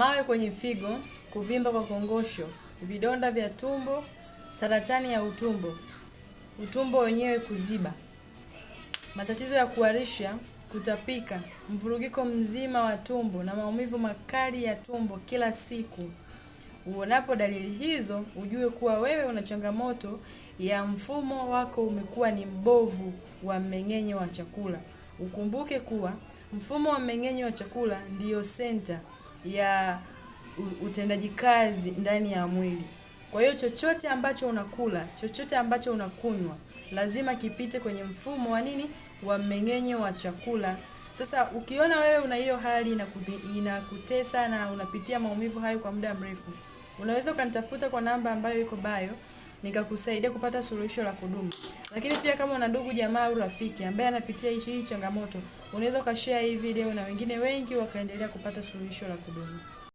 mawe kwenye figo, kuvimba kwa kongosho, vidonda vya tumbo, saratani ya utumbo, utumbo wenyewe kuziba, matatizo ya kuharisha, kutapika, mvurugiko mzima wa tumbo na maumivu makali ya tumbo kila siku. Uonapo dalili hizo, ujue kuwa wewe una changamoto ya mfumo wako umekuwa ni mbovu wa mmeng'enyo wa chakula. Ukumbuke kuwa Mfumo wa mmeng'enyo wa chakula ndiyo senta ya utendaji kazi ndani ya mwili. Kwa hiyo chochote ambacho unakula, chochote ambacho unakunywa, lazima kipite kwenye mfumo wa nini? Wa mmeng'enyo wa chakula. Sasa ukiona wewe una hiyo hali inakutesa na unapitia maumivu hayo kwa muda mrefu, unaweza ukanitafuta kwa namba ambayo iko bio nikakusaidia kupata suluhisho la kudumu. Lakini pia kama una ndugu jamaa au rafiki ambaye anapitia hii changamoto, unaweza ukashare hii video na wengine wengi wakaendelea kupata suluhisho la kudumu.